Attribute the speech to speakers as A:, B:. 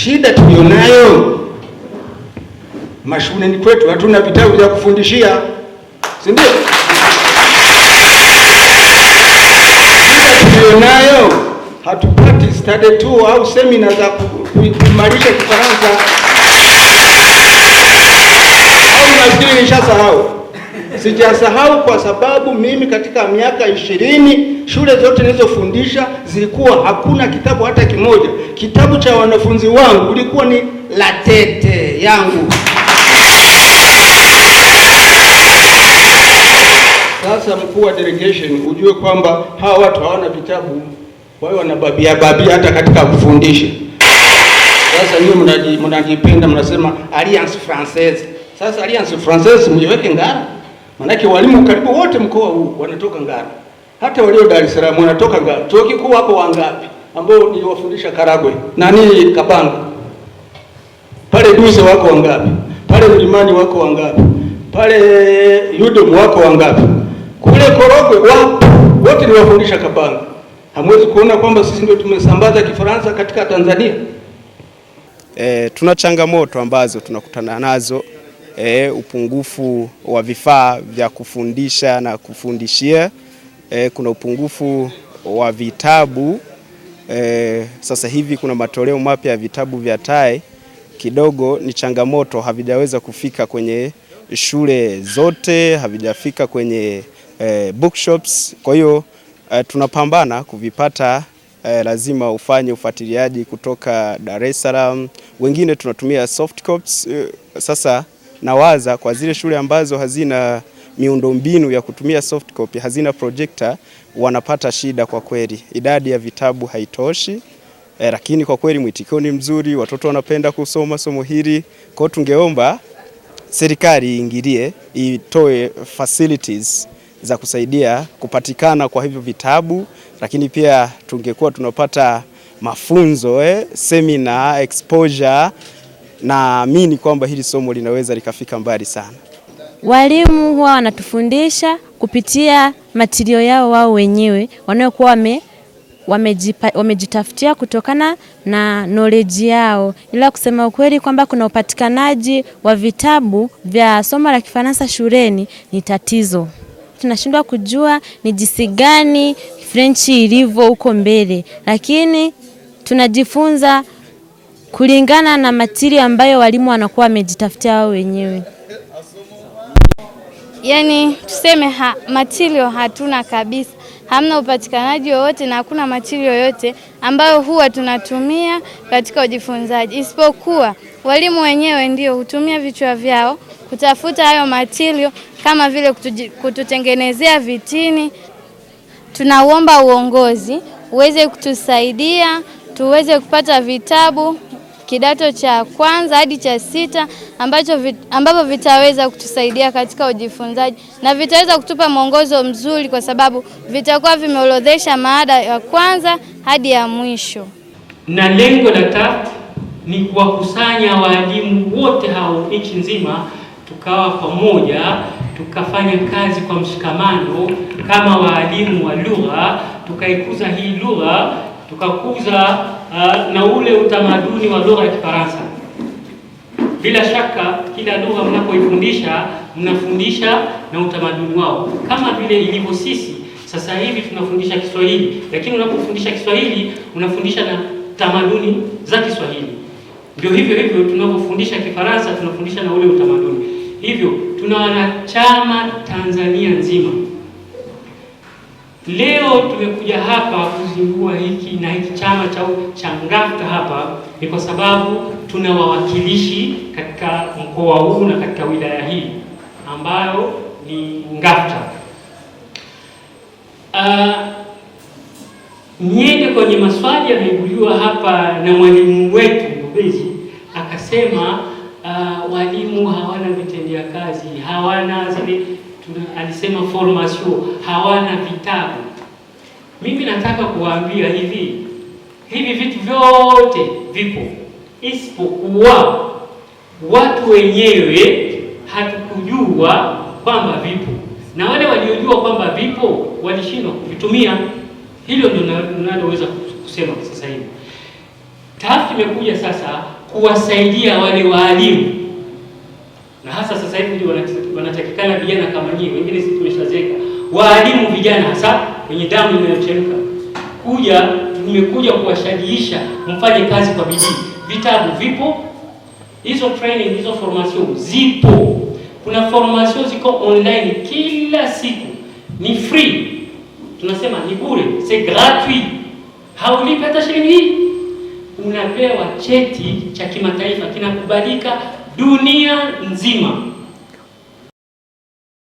A: Shida tulionayo mashuleni kwetu hatuna vitabu vya kufundishia, si ndio? Shida tulionayo hatupati study tour au semina za kuimarisha Kifaransa au nafikiri nishasahau Sijasahau kwa sababu mimi katika miaka ishirini shule zote nilizofundisha zilikuwa hakuna kitabu hata kimoja. Kitabu cha wanafunzi wangu ulikuwa ni latete yangu. Sasa mkuu wa delegation, ujue kwamba hawa watu hawana vitabu, wao wanababia babia hata katika kufundisha. Sasa nyinyi mnajipenda, mnasema Alliance Française. Sasa Alliance Française mjiweke ngara Manake walimu karibu wote mkoa huu wanatoka Ngara, hata walio Dar es Salaam wanatoka Ngara. Chuo kikuu wako wangapi ambao niliwafundisha Karagwe nani Kapanga pale, Duze wako wangapi pale, Mlimani wako wangapi pale, Yudom wako wangapi kule Korogwe, wapo wote niliwafundisha Kapanga. Hamwezi kuona kwamba sisi ndio tumesambaza Kifaransa katika Tanzania?
B: Eh, tuna changamoto ambazo tunakutana nazo e, upungufu wa vifaa vya kufundisha na kufundishia e, kuna upungufu wa vitabu e, sasa hivi kuna matoleo mapya ya vitabu vya TAE, kidogo ni changamoto, havijaweza kufika kwenye shule zote, havijafika kwenye e, bookshops. Kwa hiyo e, tunapambana kuvipata. e, lazima ufanye ufuatiliaji kutoka Dar es Salaam. Wengine tunatumia soft copies. Sasa na waza kwa zile shule ambazo hazina miundombinu ya kutumia soft copy, hazina projector, wanapata shida kwa kweli, idadi ya vitabu haitoshi. E, lakini kwa kweli mwitikio ni mzuri, watoto wanapenda kusoma somo hili. Kwa hiyo tungeomba serikali iingilie, itoe facilities za kusaidia kupatikana kwa hivyo vitabu, lakini pia tungekuwa tunapata mafunzo eh, semina exposure naamini kwamba hili somo linaweza likafika mbali sana.
C: Walimu huwa wanatufundisha kupitia matirio yao wao wenyewe wanayokuwa wame wamejitafutia kutokana na noleji yao, ila kusema ukweli kwamba kuna upatikanaji wa vitabu vya somo la Kifaransa shuleni ni tatizo. Tunashindwa kujua ni jinsi gani French ilivyo huko mbele, lakini tunajifunza kulingana na matiri ambayo walimu wanakuwa wamejitafutia wao wenyewe.
D: Yaani tuseme ha, matirio hatuna kabisa, hamna upatikanaji wowote na hakuna matirio yoyote ambayo huwa tunatumia katika ujifunzaji, isipokuwa walimu wenyewe ndio hutumia vichwa vyao kutafuta hayo matirio, kama vile kututengenezea vitini. Tunauomba uongozi uweze kutusaidia tuweze kupata vitabu kidato cha kwanza hadi cha sita ambacho vit, ambavyo vitaweza kutusaidia katika ujifunzaji na vitaweza kutupa mwongozo mzuri, kwa sababu vitakuwa vimeorodhesha maada ya kwanza hadi ya mwisho.
E: Na lengo la tatu ni kuwakusanya waalimu wote hao nchi nzima, tukawa pamoja tukafanya kazi kwa mshikamano kama waalimu wa lugha, tukaikuza hii lugha tukakuza uh, na ule utamaduni wa lugha ya Kifaransa. Bila shaka kila lugha mnapoifundisha mnafundisha na utamaduni wao, kama vile ilivyo sisi sasa hivi tunafundisha Kiswahili, lakini unapofundisha Kiswahili unafundisha na tamaduni za Kiswahili. Ndio hivyo hivyo tunapofundisha Kifaransa tunafundisha na ule utamaduni. Hivyo tuna wanachama Tanzania nzima. Leo tumekuja hapa kuzindua hiki na hiki chama cha cha Ngafta hapa ni kwa sababu tuna wawakilishi katika mkoa huu na katika wilaya hii ambayo ni Ngafta. Uh, niende kwenye maswali yameibuliwa hapa na mwalimu wetu mbezi akasema, uh, walimu hawana vitendea kazi, hawana zile tuna, alisema formasio hawana vitabu. Mimi nataka kuwaambia hivi, hivi vitu vyote vipo, isipokuwa watu wenyewe hatukujua kwamba vipo, na wale waliojua kwamba vipo walishindwa kuvitumia. Hilo ndio ninaloweza kusema kwa sasa hivi. TAAFU imekuja sasa kuwasaidia wale waalimu na hasa sasa hivi ndio wanatakikana vijana kama nyinyi, wengine sisi tumeshazeka, waalimu vijana, hasa kwenye damu inayochemka, kuja tumekuja kuwashajiisha mfanye kazi kwa bidii. Vitabu vipo, hizo training hizo formation zipo, kuna formation ziko online kila siku, ni free, tunasema ni bure, c'est gratuit, haulipi hata shilingi. Unapewa cheti cha kimataifa kinakubalika dunia nzima.